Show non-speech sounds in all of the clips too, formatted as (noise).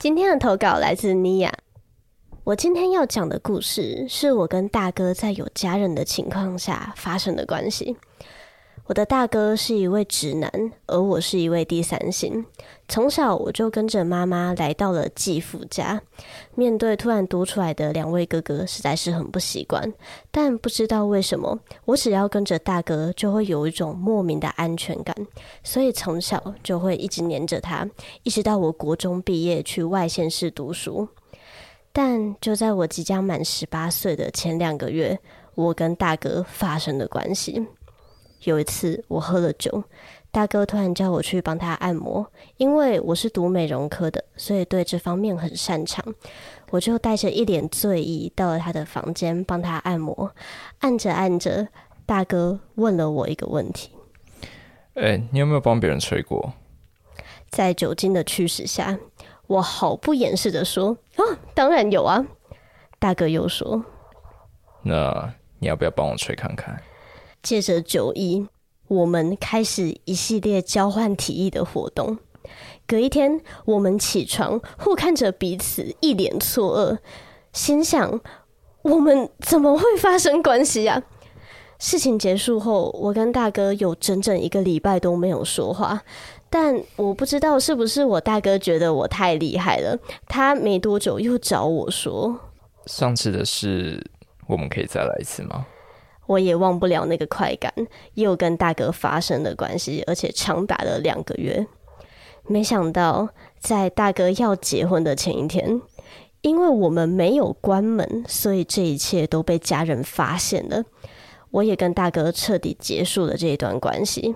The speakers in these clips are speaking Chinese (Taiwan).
今天的投稿來自妮雅。我今天要講的故事，是我跟大哥在有家人的情況下發生的關係。我的大哥是一位直男，而我是一位第三性。從小我就跟着媽媽來到了繼父家，面對突然多出來的兩位哥哥，實在是很不習慣。但不知道為什麼，我只要跟着大哥，就會有一種莫名的安全感，所以從小就會一直黏着他，一直到我國中畢業去外縣市讀書。但就在我即將滿十八歲的前兩個月，我跟大哥發生了關係。有一次，我喝了酒，大哥突然叫我去幫他按摩，因為我是讀美容科的，所以對這方面很擅長。我就帶着一點醉意到了他的房間幫他按摩，按着按着，大哥問了我一個問題：“哎、欸，你有沒有幫別人吹過？”在酒精的驅使下，我毫不掩飾的說：“啊、哦，當然有啊。”大哥又說：“那你要不要幫我吹看看？”借着酒意，我們開始一系列交換體液的活動。隔一天，我們起床，互看着彼此，一臉錯愕，心想：我們怎麼會發生關係呀、啊？事情結束後，我跟大哥有整整一個禮拜都沒有說話。但我不知道是不是我大哥覺得我太厲害了，他沒多久又找我說：“上次的事，我們可以再來一次嗎？”我也忘不了那個快感，又跟大哥發生了關係，而且長達了兩個月。沒想到在大哥要結婚的前一天，因為我們沒有關門，所以這一切都被家人發現了。我也跟大哥徹底結束了這一段關係。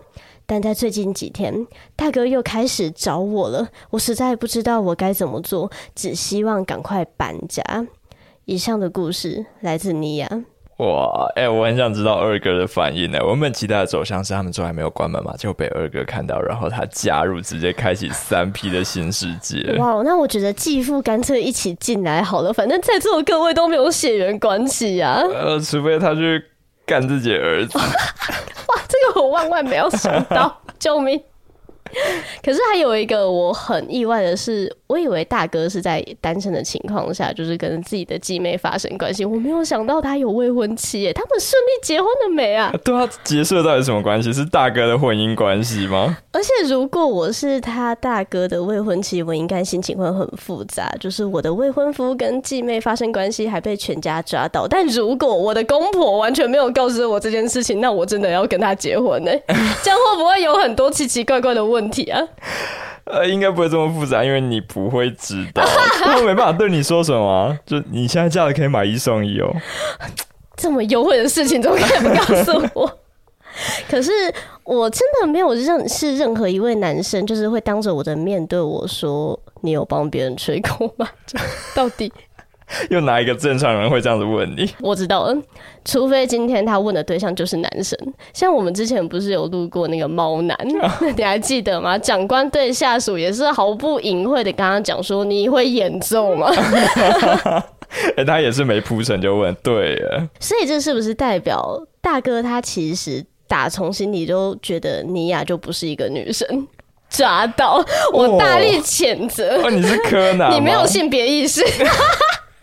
但在最近幾天，大哥又開始找我了，我實在不知道我該怎麼做，只希望趕快搬家。以上的故事來自妮雅。哇，哎、欸，我很想知道二哥的反應呢、欸。原本期待的走向是他們都還沒有關門嘛，就被二哥看到，然後他加入，直接開啟三 P 的新世界。哇，wow, 那我覺得繼父乾脆一起進來好了，反正在座的各位都沒有血緣關係呀、啊。呃，除非他去幹自己兒子。 (laughs) 哇，這個我萬萬沒有想到， (laughs) 救命！可是還有一個我很意外的是，我以為大哥是在單身的情況下，就是跟自己的繼妹發生關係。我沒有想到他有未婚妻、欸，他們順利結婚了沒啊？啊對他結社到底什麼關係？是大哥的婚姻關係嗎？而且如果我是他大哥的未婚妻，我應該心情會很複雜。就是我的未婚夫跟繼妹發生關係，還被全家抓到。但如果我的公婆完全沒有告訴我這件事情，那我真的要跟他結婚呢、欸？這樣會不會有很多奇奇怪怪的問題？問題啊，呃，應該不會這麼複雜，因為你不會知道， (laughs) 我沒辦法對你說什麼，啊。就你現在嫁了，可以買一送一哦，喔，這麼優惠的事情怎麼可以不告訴我？ (laughs) 可是我真的沒有認是任何一位男生，就是會當着我的面對我說：“你有幫別人吹過嗎？”就到底？ (laughs) 又哪一個正常人會這樣子問你？我知道，除非今天他問的對象就是男生。像我們之前不是有錄過那個貓男，啊、 (laughs) 你還記得嗎？長官對下屬也是毫不隱晦的跟他講說：“你會演奏嗎？”哎、 (laughs) 欸，他也是沒鋪陳就問。對呀，所以這是不是代表大哥他其實打從心裡都覺得妮雅就不是一個女生？抓到我大力譴責哦！哦，你是柯南， (laughs) 你沒有性別意識。 (laughs)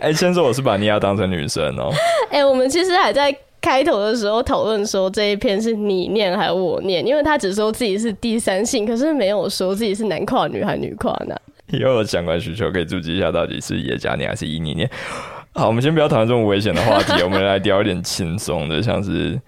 哎、欸，先說我是把妮雅當成女生哦、喔。哎、欸，我們其實還在開頭的時候討論說，這一篇是你念還是我念，因為他只說自己是第三性，可是沒有說自己是男跨女還是女跨男。以後有相關需求可以注意一下，到底是也加人念還是也加女念。好，我們先不要討論這麼危險的話題，我們來聊一點輕鬆的， (laughs) 像是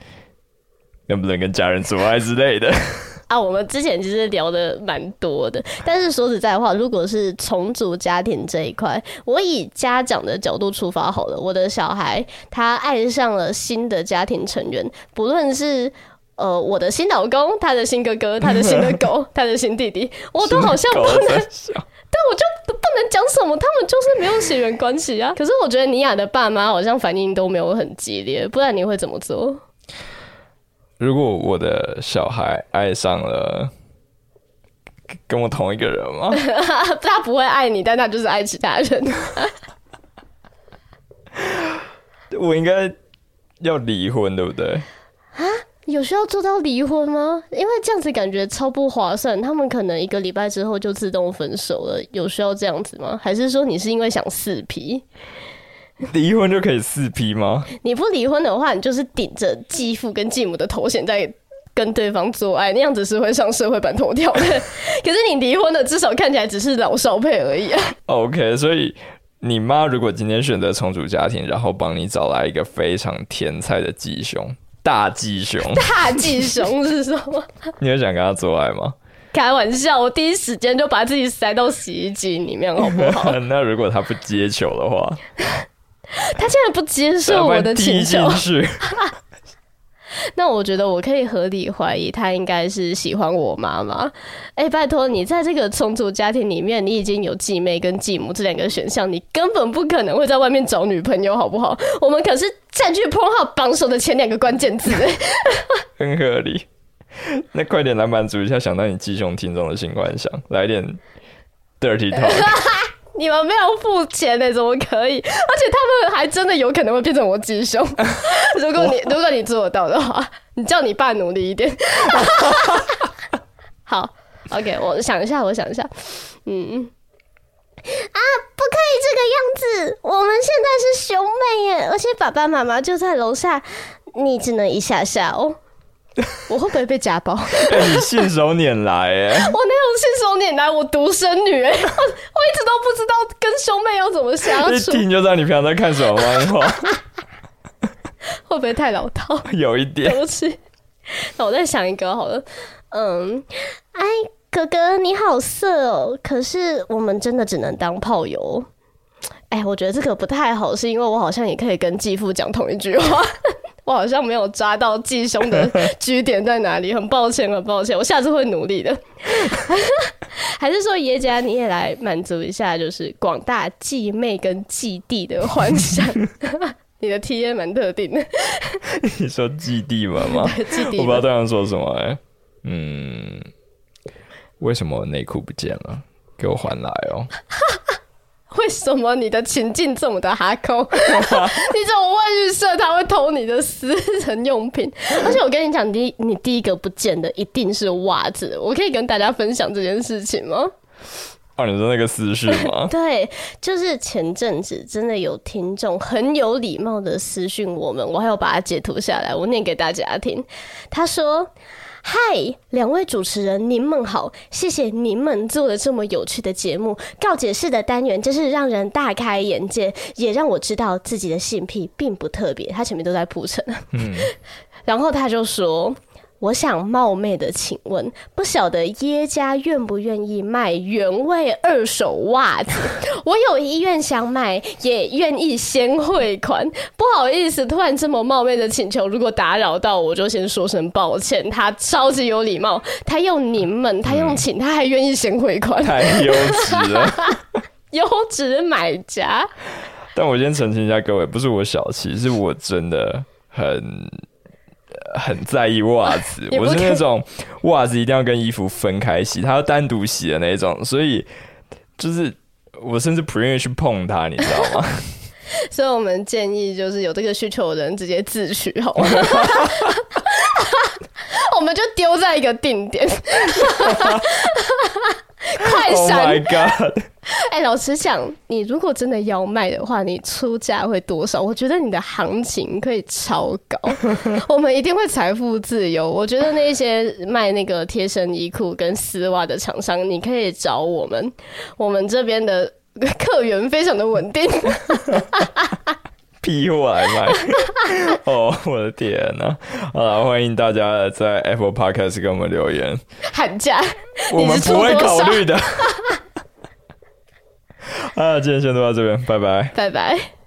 能不能跟家人做愛之類的。 (laughs) 啊，我們之前其實聊的蠻多的，但是說實在的話，如果是重組家庭這一塊，我以家長的角度出發好了。我的小孩他愛上了新的家庭成員，不論是呃我的新老公、他的新哥哥、他的新的狗、 (laughs) 他的新弟弟，我都好像不能，想但我就不能講什麼，他們就是沒有血緣關係啊。 (laughs) 可是我覺得妮雅的爸媽好像反應都沒有很激烈，不然你會怎麼做？如果我的小孩愛上了跟我同一個人嗎？ (laughs) 他不會愛你，但他就是愛其他人。 (laughs) (laughs) 我應該要離婚，對不對？啊，有需要做到離婚嗎？因為這樣子感覺超不划算。他們可能一個禮拜之後就自動分手了，有需要這樣子嗎？還是說你是因為想死皮？離婚就可以四 P 嗎？你不離婚的話，你就是頂着繼父跟繼母的頭銜在跟對方做愛，那樣子是會上社會版頭條的。 (laughs) 可是你離婚了，至少看起來只是老少配而已，啊。OK，所以你媽如果今天選擇重組家庭，然後幫你找來一個非常天菜的繼兄大繼兄大繼兄是什麼？ (laughs) (laughs) 你會想跟他做愛嗎？開玩笑，我第一時間就把自己塞到洗衣機裡面，好不好？ (laughs) 那如果他不接球的話？他竟然不接受我的請求， (laughs) 那我覺得我可以合理懷疑，他應該是喜歡我媽媽。哎、欸，拜託你，在這個重組家庭裡面，你已經有繼妹跟繼母這兩個選項，你根本不可能會在外面找女朋友，好不好？我們可是占據 Pornhub 榜首的前兩個關鍵字， (laughs) 很合理。那快點來滿足一下想到你繼兄聽眾的心幻想，來一點 dirty talk。 (laughs) 你們沒有付錢呢、欸，怎麼可以？而且他們還真的有可能會變成我繼兄， (laughs) 如果你如果你做得到的話，你叫你爸努力一點。 (laughs) 好，OK，我想一下，我想一下，嗯，啊，不可以這個樣子，我們現在是兄妹耶，而且爸爸媽媽就在樓下，你只能一下下哦， (laughs) 我會不會被家暴、 (laughs) 欸？你信手拈來耶。年來，我獨生女、欸，我一直都不知道跟兄妹要怎麼相處， (laughs) 一聽就知道你平常在看什麼漫畫， (laughs) 會不會太老套？有一點。那我再想一個好了，嗯，哎，哥哥你好色哦，可是我們真的只能當炮友。哎，我覺得這個不太好，是因為我好像也可以跟繼父講同一句話。 (laughs) 我好像沒有抓到繼兄的據點在哪裡？很抱歉，很抱歉，我下次會努力的。 (laughs) 還是說，爺家你也來滿足一下，就是廣大繼妹跟繼弟的幻想？ (laughs) 你的體驗蠻特定的。 (laughs) 你說繼弟嗎？ (laughs) 門我不知道這樣說什麼、欸。哎，嗯，為什麼內褲不見了？給我還來哦。 (laughs) 為什麼你的情境這麼的哈扣？你怎麼會預設他會偷你的私人用品？ (laughs) 而且我跟你講，你你第一個不見的一定是襪子。我可以跟大家分享這件事情嗎？啊，你說那個私訊嗎？ (laughs) 對，就是前陣子真的有聽眾很有禮貌的私訊我們，我還要把它截圖下來，我念給大家聽。他說。嗨，Hi, 兩位主持人，您們好！謝謝您們做了這麼有趣的節目，告解室的單元真是讓人大開眼界，也讓我知道自己的性癖並不特別，他前面都在鋪陳。嗯、 (laughs) 然後他就說。我想冒昧的請問，不曉得耶家願不願意賣原味二手襪子？我有意願想買，也願意先匯款。不好意思，突然這麼冒昧的請求，如果打擾到，我就先說聲抱歉。他超級有禮貌，他用您們，他用請，他還願意先匯款，嗯、太優質了，優質 (laughs) 買家。但我先澄清一下，各位，不是我小氣，是我真的很。很在意襪子，啊、我是那種襪子一定要跟衣服分開洗，它要單獨洗的那種，所以就是我甚至不願意去碰它，你知道嗎？ (laughs) 所以我們建議就是有這個需求的人直接自取好不好，我們就丟在一個定點 (laughs) (laughs) 快閃！哎，老實講，你如果真的要賣的話，你出價會多少？我覺得你的行情可以超高， (laughs) 我們一定會財富自由。我覺得那些賣那個貼身衣褲跟絲襪的廠商，你可以找我們，我們這邊的客源非常的穩定。 (laughs) (laughs) 我來賣 (laughs) 哦，我的天哪、啊！好、啊、啦，歡迎大家在 Apple Podcast 給我們留言。寒假家我們不會考慮的。 (laughs) 啊，今天先到這邊，拜拜，拜拜。